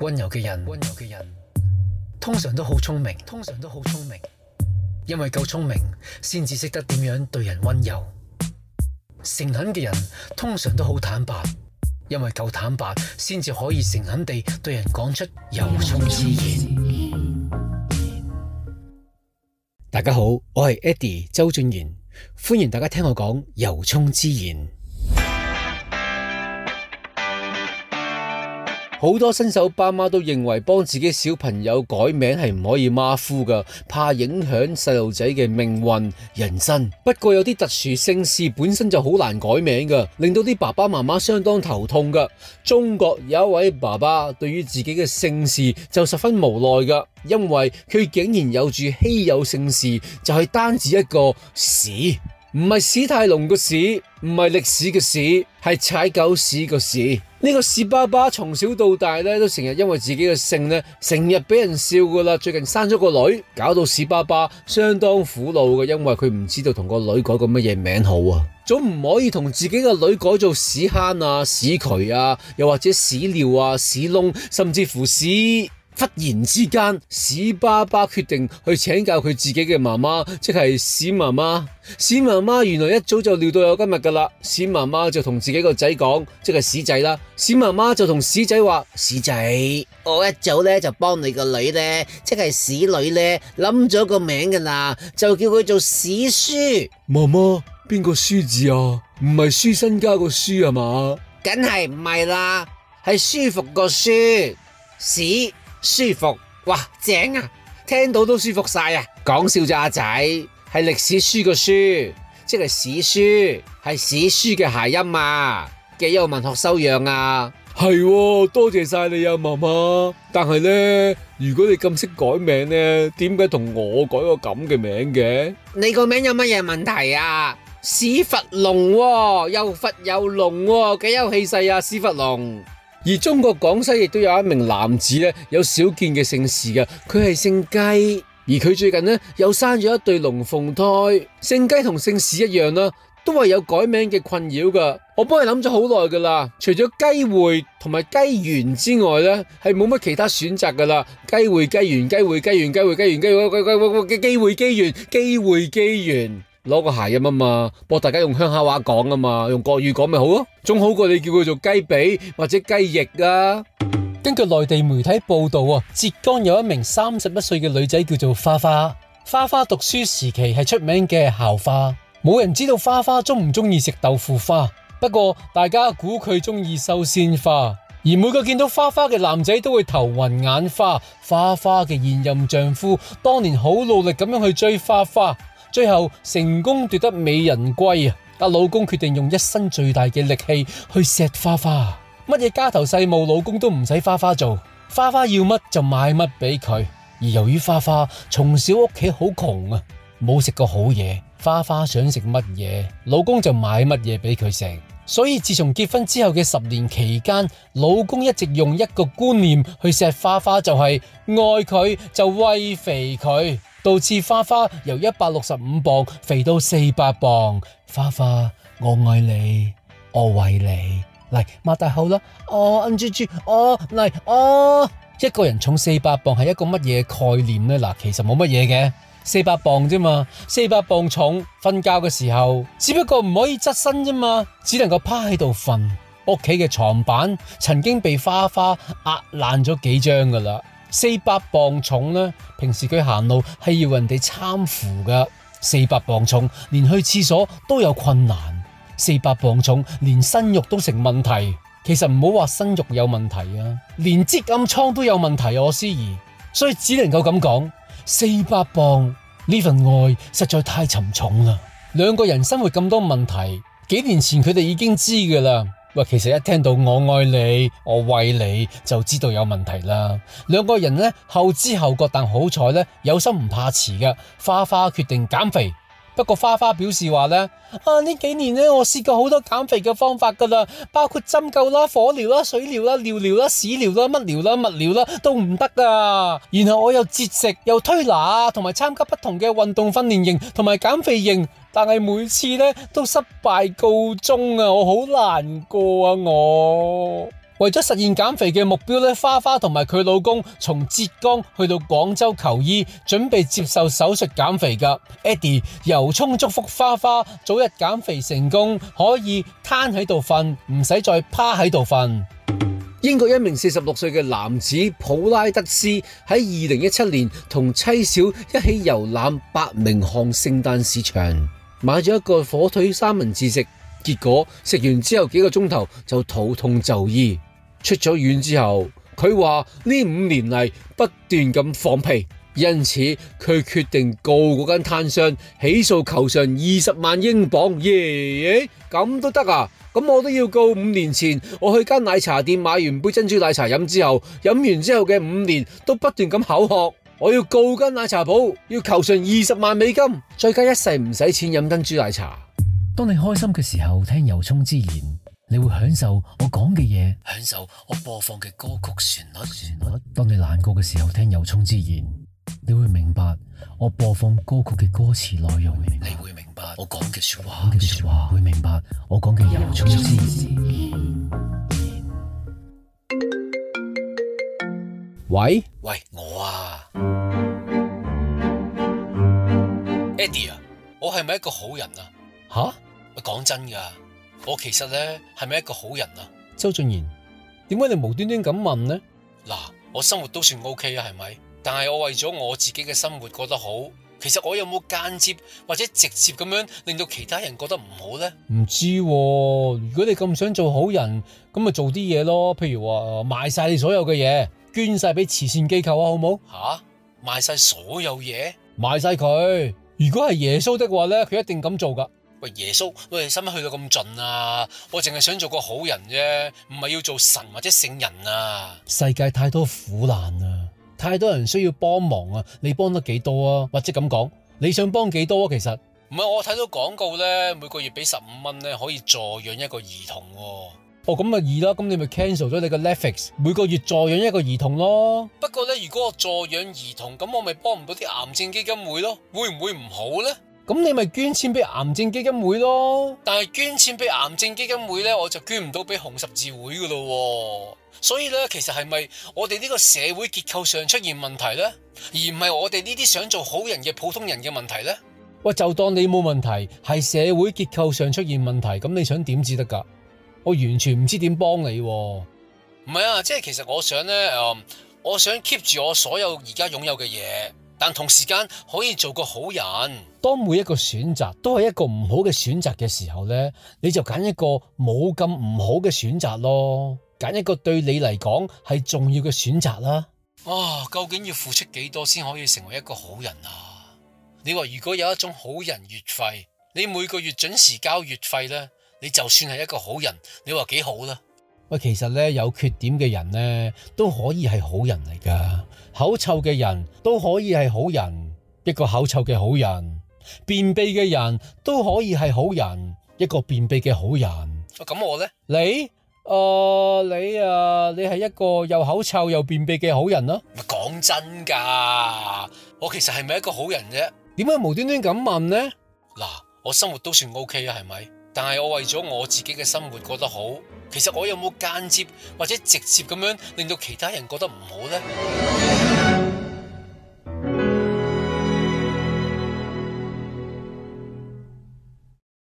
溫柔嘅人，溫柔嘅人通常都好聰明，通常都好聰明，因為夠聰明，先至識得點樣對人溫柔。誠懇嘅人通常都好坦白，因為夠坦白，先至可以誠懇地對人講出由衷之言。之言。大家好，我係 Eddie 周俊賢，歡迎大家聽我講由衷之言。好多新手爸媽都認為幫自己小朋友改名係唔可以馬虎噶怕影響細路仔嘅命運、人生。不過有啲特殊姓氏本身就好難改名噶令到啲爸爸媽媽相當頭痛噶。中國有一位爸爸對於自己嘅姓氏就十分無奈噶因為佢竟然有住稀有姓氏，就係、是、單字一個屎。唔係史泰龍個史，唔係歷史嘅史，係踩狗屎個史。呢、這個屎爸爸從小到大咧都成日因為自己嘅姓咧，成日俾人笑噶啦。最近生咗個女，搞到屎爸爸相當苦惱嘅，因為佢唔知道同個女改個乜嘢名好啊。總唔可以同自己嘅女改做屎坑啊、屎渠啊，又或者屎尿啊、屎窿，甚至乎屎。忽然之間，屎爸爸決定去請教佢自己嘅媽媽，即係屎媽媽。屎媽媽原來一早就料到有今日噶啦。屎媽媽就同自己個仔講，即係屎仔啦。屎媽媽就同屎仔話：屎仔，我一早咧就幫你個女咧，即係屎女咧，諗咗個名噶啦，就叫佢做屎書。媽媽，邊個書字啊？唔係書身家個書啊嘛？梗係唔係啦，係舒服個舒屎。舒服哇正啊，聽到都舒服晒啊！講笑咋阿仔？係歷史書嘅書，即係史書，係史書嘅諧音啊！幾有文學修養啊！係、哦、多謝晒你啊，媽媽。但係呢，如果你咁識改名，改名呢，點解同我改個咁嘅名嘅？你個名有乜嘢問題啊？史佛龍、哦，又佛又龍、哦，幾有氣勢啊！史佛龍。而中國廣西亦都有一名男子咧，有少見嘅姓氏嘅，佢係姓雞。而佢最近咧，又生咗一對龍鳳胎。姓雞同姓氏一樣啦，都係有改名嘅困擾噶。我幫你諗咗好耐噶啦，除咗雞會同埋雞緣之外咧，係冇乜其他選擇噶啦。雞會雞緣雞會雞緣雞會雞緣雞會雞緣嘅機會機緣機會機緣。攞個諧音啊嘛，幫大家用鄉下話講啊嘛，用國語講咪好咯、啊，總好過你叫佢做雞髀或者雞翼啊。根據內地媒體報道啊，浙江有一名三十一歲嘅女仔叫做花花，花花讀書時期係出名嘅校花，冇人知道花花中唔中意食豆腐花，不過大家估佢中意收鮮花，而每個見到花花嘅男仔都會頭暈眼花。花花嘅現任丈夫當年好努力咁樣去追花花。最後成功奪得美人歸啊！阿老公決定用一生最大嘅力氣去錫花花，乜嘢家頭細務老公都唔使花花做，花花要乜就買乜俾佢。而由於花花從小屋企好窮啊，冇食過好嘢，花花想食乜嘢，老公就買乜嘢俾佢食。所以自從結婚之後嘅十年期間，老公一直用一個觀念去錫花花，就係愛佢就餵肥佢。導致花花由一百六十五磅肥到四百磅，花花我愛你，我為你嚟擘大口啦！哦，N G G，哦嚟哦，哦一個人重四百磅係一個乜嘢概念呢？嗱，其實冇乜嘢嘅，四百磅啫嘛，四百磅重，瞓覺嘅時候只不過唔可以側身啫嘛，只能夠趴喺度瞓，屋企嘅床板曾經被花花壓爛咗幾張噶啦。四百磅重咧，平時佢行路係要人哋攙扶噶。四百磅重，連去廁所都有困難。四百磅重，連生育都成問題。其實唔好話生育有問題啊，連積暗瘡都有問題啊，我思儀，所以只能夠咁講，四百磅呢份愛實在太沉重啦。兩個人生活咁多問題，幾年前佢哋已經知噶啦。其實一聽到我愛你，我餵你，就知道有問題啦。兩個人呢，後知後覺，但好彩呢，有心唔怕遲㗎。花花決定減肥。不過花花表示話呢，啊呢幾年呢，我試過好多減肥嘅方法噶啦，包括針灸啦、火療啦、水療啦、尿療啦、屎療啦、乜療啦、物療啦，都唔得啊。然後我又節食，又推拿，同埋參加不同嘅運動訓練營同埋減肥營。但係每次咧都失敗告終啊！我好難過啊！我為咗實現減肥嘅目標咧，花花同埋佢老公從浙江去到廣州求醫，準備接受手術減肥噶。Eddie 由衷祝福花花早日減肥成功，可以攤喺度瞓，唔使再趴喺度瞓。英國一名四十六歲嘅男子普拉德斯喺二零一七年同妻小一起遊覽百名漢聖誕市場。買咗一個火腿三文治食，結果食完之後幾個鐘頭就肚痛就醫。出咗院之後，佢話呢五年嚟不斷咁放屁，因此佢決定告嗰間攤商，起訴求償二十萬英鎊。耶，咁都得啊？咁我都要告五年前我去間奶茶店買完杯珍珠奶茶飲之後，飲完之後嘅五年都不斷咁口渴。我要告根奶茶鋪，要求償二十萬美金，再加一世唔使錢飲珍珠奶茶。當你開心嘅時候聽由衷之言，你會享受我講嘅嘢，享受我播放嘅歌曲旋律。旋律了當你難過嘅時候聽由衷之言，你會明白我播放歌曲嘅歌詞內容，你會明白我講嘅說話，會明白我講嘅由衷之言。喂喂，我啊。Eddie 啊，我係咪一個好人啊？吓、啊，講真噶，我其實咧係咪一個好人啊？周俊賢，點解你無端端咁問呢？嗱、啊，我生活都算 OK 啊，係咪？但係我為咗我自己嘅生活過得好，其實我有冇間接或者直接咁樣令到其他人覺得唔好呢？唔知、啊，如果你咁想做好人，咁咪做啲嘢咯，譬如話賣晒你所有嘅嘢，捐晒俾慈善機構啊，好唔好？吓、啊，賣晒所有嘢，賣晒佢。如果係耶穌的話咧，佢一定咁做噶。喂耶穌，喂使乜去到咁盡啊？我淨係想做個好人啫，唔係要做神或者聖人啊。世界太多苦難啊，太多人需要幫忙啊，你幫得幾多啊？或者咁講，你想幫幾多啊？其實唔係。我睇到廣告咧，每個月俾十五蚊咧，可以助養一個兒童哦。哦，咁咪易咯，咁你咪 cancel 咗你嘅 Netflix，每個月助養一個兒童咯。不過咧，如果我助養兒童，咁我咪幫唔到啲癌症基金會咯，會唔會唔好咧？咁你咪捐錢俾癌症基金會咯。但係捐錢俾癌症基金會咧，我就捐唔到俾紅十字會噶咯。所以咧，其實係咪我哋呢個社會結構上出現問題咧，而唔係我哋呢啲想做好人嘅普通人嘅問題咧？喂，就當你冇問題，係社會結構上出現問題，咁你想點至得噶？我完全唔知點幫你，啊，唔係啊！即係其實我想咧，誒、呃，我想 keep 住我所有而家擁有嘅嘢，但同時間可以做個好人。當每一個選擇都係一個唔好嘅選擇嘅時候咧，你就揀一個冇咁唔好嘅選擇咯，揀一個對你嚟講係重要嘅選擇啦。哇、哦！究竟要付出幾多先可以成為一個好人啊？你話如果有一種好人月費，你每個月準時交月費咧？你就算係一個好人，你話幾好啦？喂，其實咧有缺點嘅人咧都可以係好人嚟噶，口臭嘅人都可以係好人，一個口臭嘅好人；便秘嘅人都可以係好人，一個便秘嘅好人。咁我咧？你？誒、呃，你啊，你係一個又口臭又便秘嘅好人啦、啊。咪講真噶，我其實係咪一個好人啫？點解無端端咁問咧？嗱，我生活都算 OK 啊，係咪？但係我為咗我自己嘅生活過得好，其實我有冇間接或者直接咁樣令到其他人覺得唔好咧？